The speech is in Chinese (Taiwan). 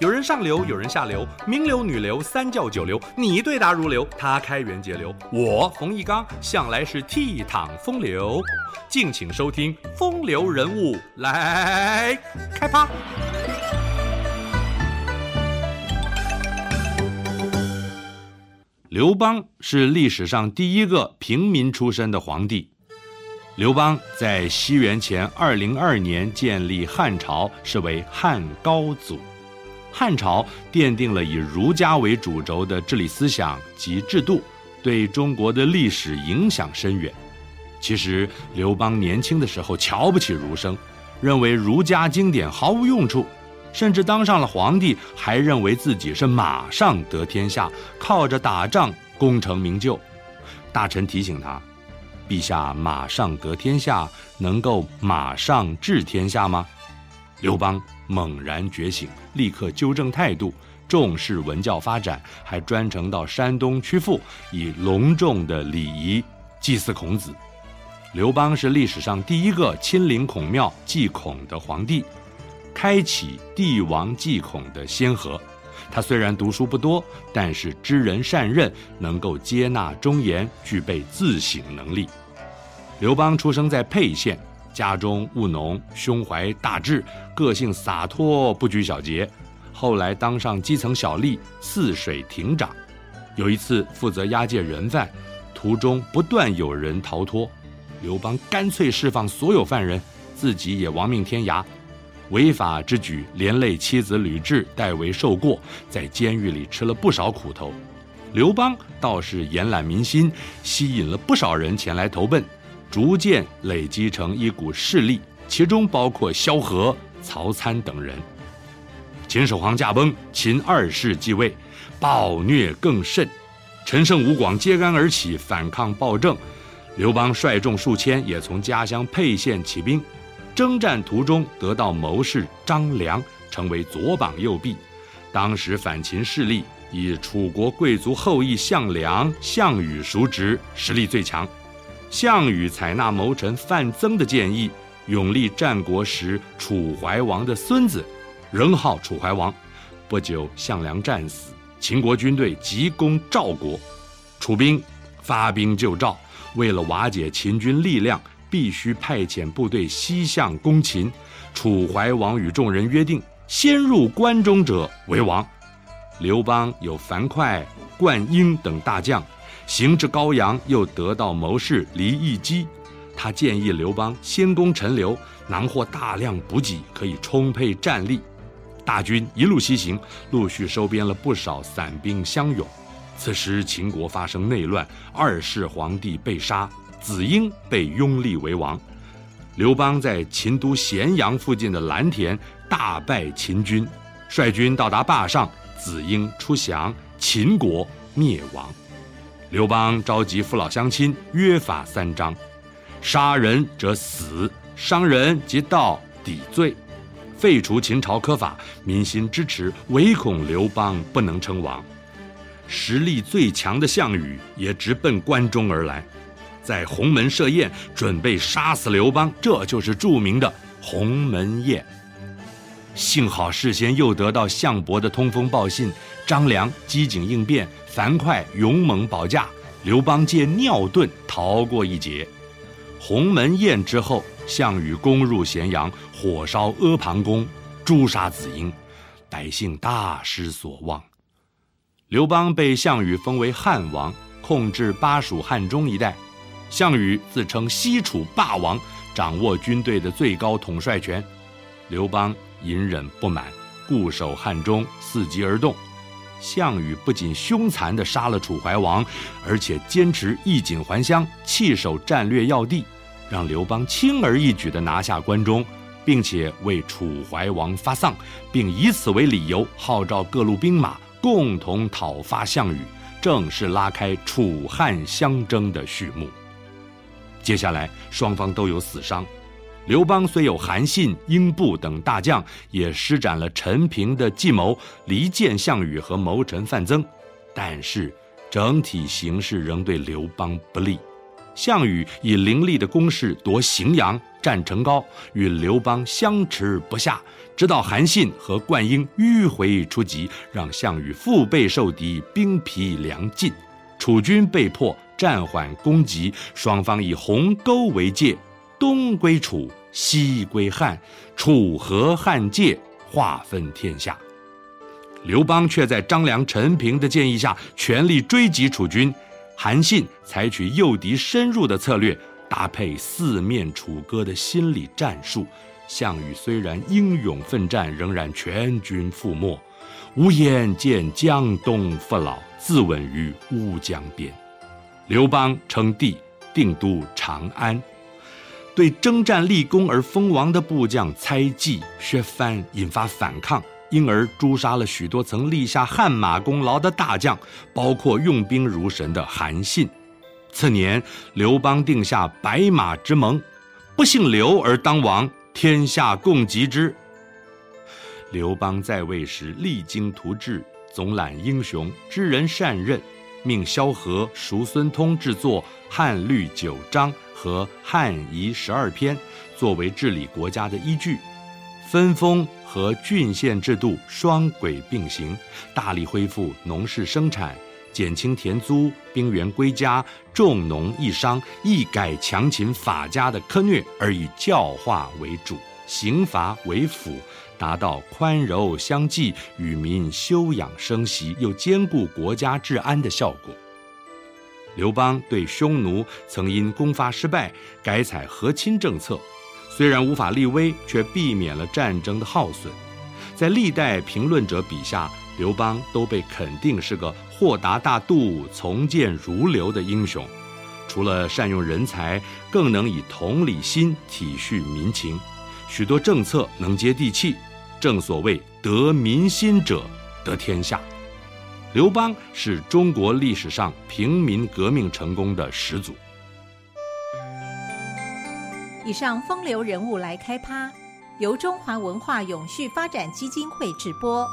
有人上流，有人下流，名流、女流、三教九流，你對答如流，他開源節流。我馮翊綱向來是倜儻風流，敬請收聽《風流人物》來開趴。劉邦是歷史上第一個平民出身的皇帝。劉邦在西元前二零二年建立漢朝，是為漢高祖。漢朝奠定了以儒家為主軸的治理思想及制度，對中國的歷史影響深遠。其實劉邦年輕的時候瞧不起儒生，認為儒家經典毫無用處，甚至當上了皇帝還認為自己是馬上得天下，靠着打仗功成名就。大臣提醒他：“陛下馬上得天下，能夠馬上治天下嗎？”劉邦猛然覺醒，立刻糾正態度，重視文教發展，還專程到山東曲阜，以隆重的禮儀祭祀孔子。劉邦是歷史上第一個親臨孔廟祭孔的皇帝，開啟帝王祭孔的先河。他雖然讀書不多，但是知人善任，能夠接納忠言，具備自省能力。劉邦出生在沛縣。家中務農，胸懷大志，個性灑脫，不拘小節。後來當上基層小吏，泗水亭長。有一次負責押解人犯，途中不斷有人逃脫，劉邦乾脆釋放所有犯人，自己也亡命天涯。違法之舉連累妻子呂雉代為受過，在監獄裡吃了不少苦頭。劉邦倒是延攬民心，吸引了不少人前來投奔。逐漸累積成一股勢力，其中包括蕭何、曹參等人。秦始皇駕崩，秦二世繼位，暴虐更甚。陳勝、吳廣揭竿而起，反抗暴政。劉邦率眾數千，也從家鄉沛縣起兵。征戰途中，得到謀士張良，成為左膀右臂。當時反秦勢力以楚國貴族後裔項梁、項羽叔侄實力最強。項羽採納謀臣范增的建議，擁立戰國時楚懷王的孫子，仍號楚懷王。不久，項梁戰死，秦國軍隊急攻趙國，楚兵發兵救趙。為了瓦解秦軍力量，必須派遣部隊西向攻秦。楚懷王與眾人約定，先入關中者為王。劉邦有樊噲、灌嬰等大將。行至高陽，又得到謀士酈食其，他建議劉邦先攻陳留，囊獲大量補給，可以充沛戰力。大軍一路西行，陸續收編了不少散兵鄉勇。此時秦國發生內亂，二世皇帝被殺，子嬰被擁立為王。劉邦在秦都咸陽附近的藍田大敗秦軍，率軍到達灞上，子嬰出降，秦國滅亡。劉邦召集父老鄉親，約法三章：殺人者死，傷人及盜抵罪，廢除秦朝苛法。民心支持，唯恐劉邦不能稱王。實力最強的項羽也直奔關中而來，在鴻門設宴，準備殺死劉邦。這就是著名的鴻門宴。幸好事先又得到項伯的通風報信，張良機警應變。樊噲勇猛保駕，劉邦借尿遁逃過一劫。鴻門宴之後，項羽攻入咸陽，火燒阿房宮，誅殺子嬰，百姓大失所望。劉邦被項羽封為漢王，控制巴蜀漢中一帶。項羽自稱西楚霸王，掌握軍隊的最高統帥權。劉邦隱忍不滿，固守漢中，伺機而動。項羽不僅兇殘地殺了楚懷王，而且堅持衣錦還鄉、棄守戰略要地，讓劉邦輕而易舉地拿下關中，並且為楚懷王發喪，並以此為理由號召各路兵馬共同討伐項羽，正式拉開楚漢相爭的序幕。接下來，雙方都有死傷。劉邦雖有韓信、英布等大將，也施展了陳平的計謀離間項羽和謀臣范增，但是整體形勢仍對劉邦不利。項羽以凌厲的攻勢奪滎陽、戰成皋，與劉邦相持不下，直到韓信和灌嬰迂回出擊，讓項羽腹背受敵，兵疲糧盡，楚軍被迫暫緩攻擊，雙方以鴻溝為界，東歸楚。西歸漢，楚河漢界劃分天下。劉邦卻在張良、陳平的建議下，全力追擊楚軍。韓信採取誘敵深入的策略，搭配四面楚歌的心理戰術。項羽雖然英勇奮戰，仍然全軍覆沒，無顏見江東父老，自刎於烏江邊。劉邦稱帝，定都長安。對征戰立功而封王的部將猜忌削藩，薛帆引發反抗，因而誅殺了許多曾立下汗馬功勞的大將，包括用兵如神的韓信。次年，劉邦定下白馬之盟，不姓劉而當王，天下共擊之。劉邦在位時勵精圖治，總攬英雄，知人善任，命蕭何、叔孫通制作漢律九章。和漢儀十二篇作為治理國家的依據，分封和郡縣制度雙軌並行，大力恢復農事生產，減輕田租，兵員歸家，重農抑商，一改強秦法家的苛虐，而以教化為主，刑罰為輔，達到寬柔相濟，與民休養生息，又兼顧國家治安的效果。劉邦對匈奴曾因攻伐失敗改採和親政策，雖然無法立威，卻避免了戰爭的耗損。在歷代評論者筆下，劉邦都被肯定是個豁達大度、從諫如流的英雄。除了善用人才，更能以同理心體恤民情，許多政策能接地氣。正所謂得民心者得天下。劉邦是中國歷史上平民革命成功的始祖。以上風流人物來開趴，由中華文化永續發展基金會直播。